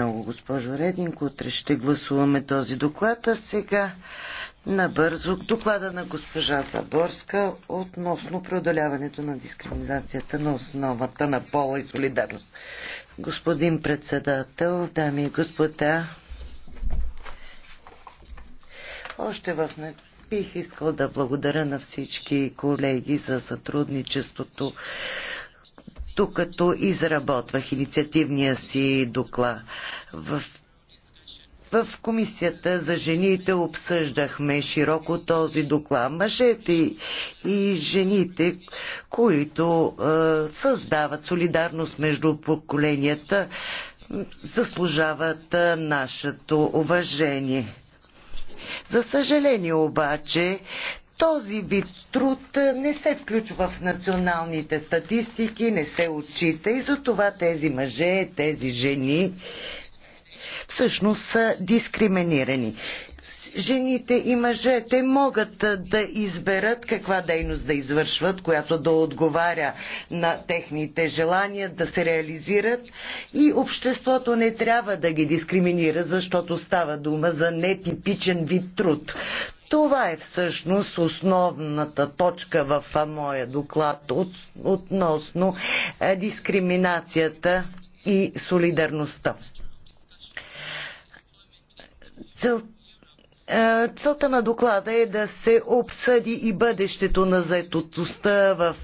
много, госпожо Рединко. Утре ще гласуваме този доклад, а сега набързо доклада на госпожа Заборска относно преодоляването на дискриминацията на основата на пола и солидарност. Господин председател, дами и господа, още в бих искал да благодаря на всички колеги за сътрудничеството тук като изработвах инициативния си доклад. В в комисията за жените обсъждахме широко този доклад. Мъжете и жените, които е, създават солидарност между поколенията, заслужават е, нашето уважение. За съжаление обаче, този вид труд не се включва в националните статистики, не се отчита и затова тези мъже, тези жени всъщност са дискриминирани. Жените и мъжете могат да изберат каква дейност да извършват, която да отговаря на техните желания да се реализират и обществото не трябва да ги дискриминира, защото става дума за нетипичен вид труд. Това е всъщност основната точка в моя доклад от, относно е, дискриминацията и солидарността. Целта. Е, целта на доклада е да се обсъди и бъдещето на заетостта в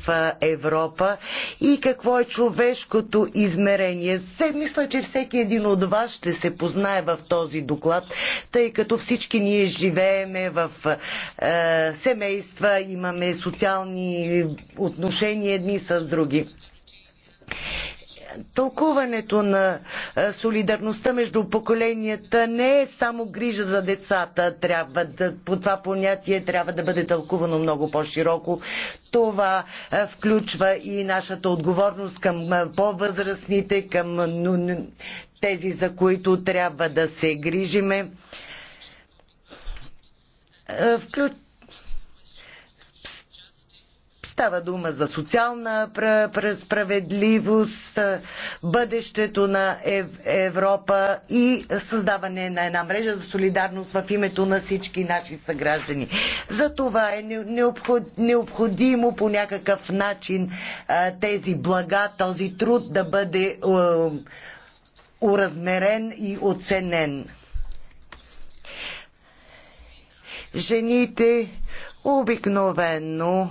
е, Европа и какво е човешкото измерение. Се, мисля, че всеки един от вас ще се познае в този доклад, тъй като всички ние живееме в е, семейства, имаме социални отношения едни с други тълкуването на е, солидарността между поколенията не е само грижа за децата. Трябва да, по това понятие трябва да бъде тълкувано много по-широко. Това е, включва и нашата отговорност към е, по-възрастните, към тези, за които трябва да се грижиме. Включ Става дума за социална справедливост, бъдещето на Европа и създаване на една мрежа за солидарност в името на всички наши съграждани. За това е необходимо по някакъв начин тези блага, този труд да бъде уразмерен и оценен. Жените обикновено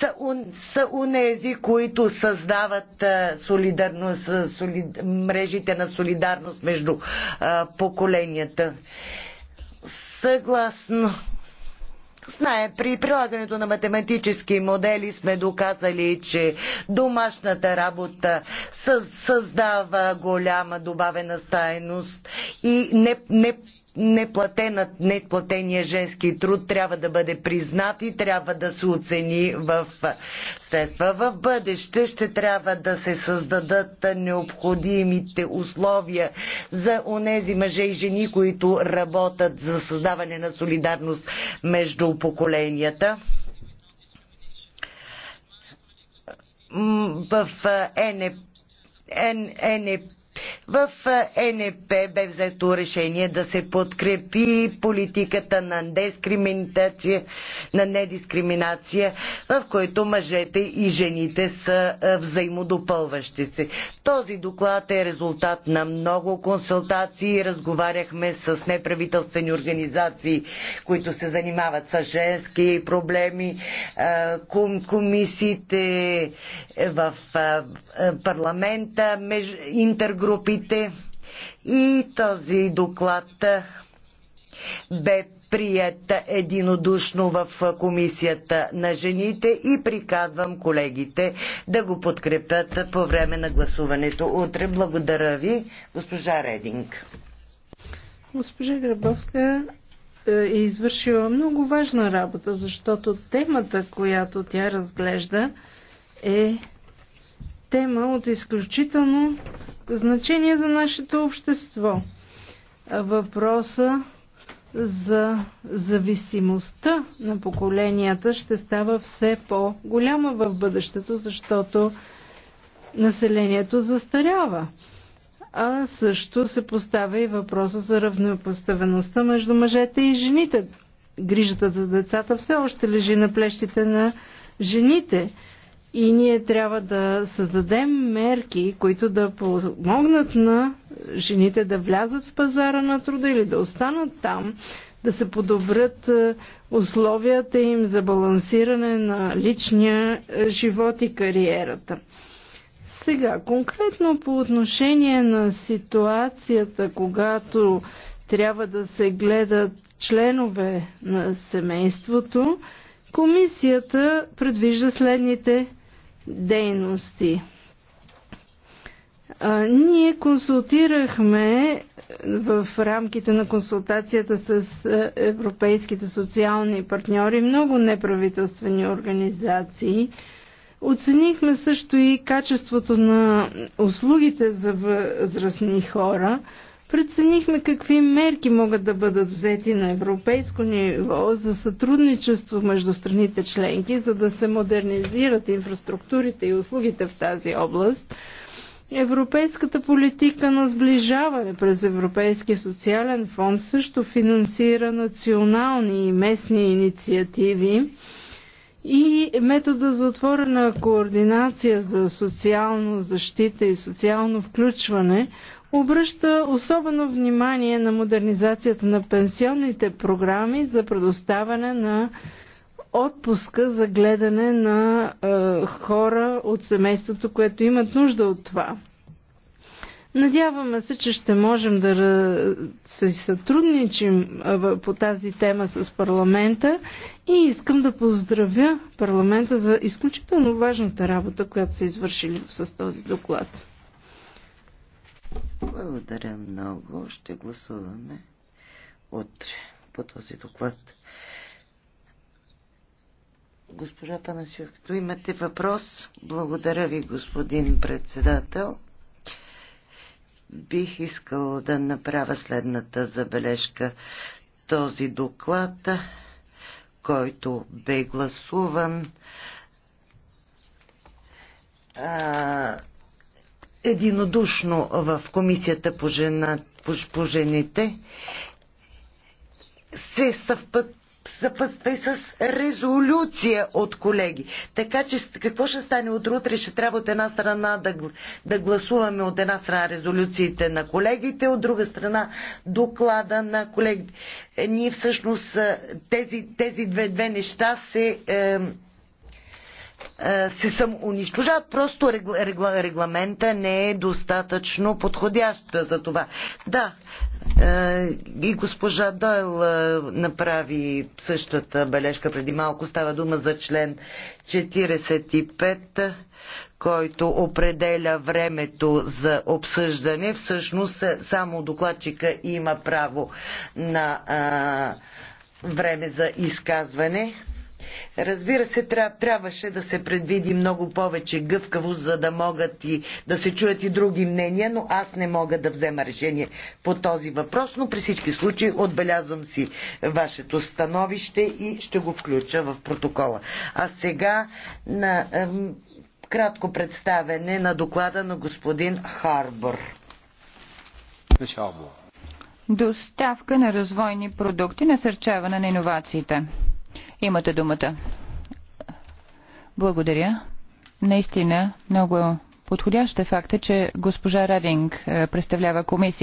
са, он, са унези, които създават солидарност, мрежите на солидарност между а, поколенията. Съгласно Знае, при прилагането на математически модели сме доказали, че домашната работа създава голяма добавена стайност и не, не неплатения женски труд трябва да бъде признат и трябва да се оцени в средства. В бъдеще ще трябва да се създадат необходимите условия за онези мъже и жени, които работят за създаване на солидарност между поколенията. в ЕНЕП ЕНЕП е, в ЕНП бе взето решение да се подкрепи политиката на дискриминация, на недискриминация, в който мъжете и жените са е, взаимодопълващи се. Този доклад е резултат на много консултации. Разговаряхме с неправителствени организации, които се занимават с женски проблеми, е, комисиите е, в парламента, интергрупи преговорите и този доклад бе прият единодушно в комисията на жените и приказвам колегите да го подкрепят по време на гласуването утре. Благодаря ви, госпожа Рединг. Госпожа Грабовска е, е извършила много важна работа, защото темата, която тя разглежда, е тема от изключително значение за нашето общество. Въпроса за зависимостта на поколенията ще става все по-голяма в бъдещето, защото населението застарява. А също се поставя и въпроса за равнопоставеността между мъжете и жените. Грижата за децата все още лежи на плещите на жените и ние трябва да създадем мерки, които да помогнат на жените да влязат в пазара на труда или да останат там, да се подобрят е, условията им за балансиране на личния е, живот и кариерата. Сега, конкретно по отношение на ситуацията, когато трябва да се гледат членове на семейството, комисията предвижда следните дейности. Ние консултирахме в рамките на консултацията с европейските социални партньори много неправителствени организации. Оценихме също и качеството на услугите за възрастни хора. Преценихме какви мерки могат да бъдат взети на европейско ниво за сътрудничество между страните членки, за да се модернизират инфраструктурите и услугите в тази област. Европейската политика на сближаване през Европейския социален фонд също финансира национални и местни инициативи и метода за отворена координация за социално защита и социално включване обръща особено внимание на модернизацията на пенсионните програми за предоставяне на отпуска за гледане на е, хора от семейството, което имат нужда от това. Надяваме се, че ще можем да се сътрудничим по тази тема с парламента и искам да поздравя парламента за изключително важната работа, която са извършили с този доклад. Благодаря много. Ще гласуваме утре по този доклад. Госпожа Панасюк, имате въпрос? Благодаря ви, господин председател бих искал да направя следната забележка. Този доклад, който бе гласуван, единодушно в комисията по, жена, по, по жените се съвпът съпътства и с резолюция от колеги. Така че какво ще стане от утре? Ще трябва от една страна да, да гласуваме от една страна резолюциите на колегите, от друга страна доклада на колегите. Е, ние всъщност е, тези, тези две, две неща се. Е, е, се самоунищожават. Просто регламента не е достатъчно подходящ за това. Да, е, и госпожа Дойл е, направи същата бележка преди малко. Става дума за член 45 който определя времето за обсъждане. Всъщност само докладчика има право на а, време за изказване. Разбира се, тря, трябваше да се предвиди много повече гъвкавост, за да могат и да се чуят и други мнения, но аз не мога да взема решение по този въпрос, но при всички случаи отбелязвам си вашето становище и ще го включа в протокола. А сега на ем, кратко представене на доклада на господин Харбор. доставка на развойни продукти, насърчаване на иновациите. Имате думата. Благодаря. Наистина много подходящ е факта, че госпожа Радинг е, представлява комисия.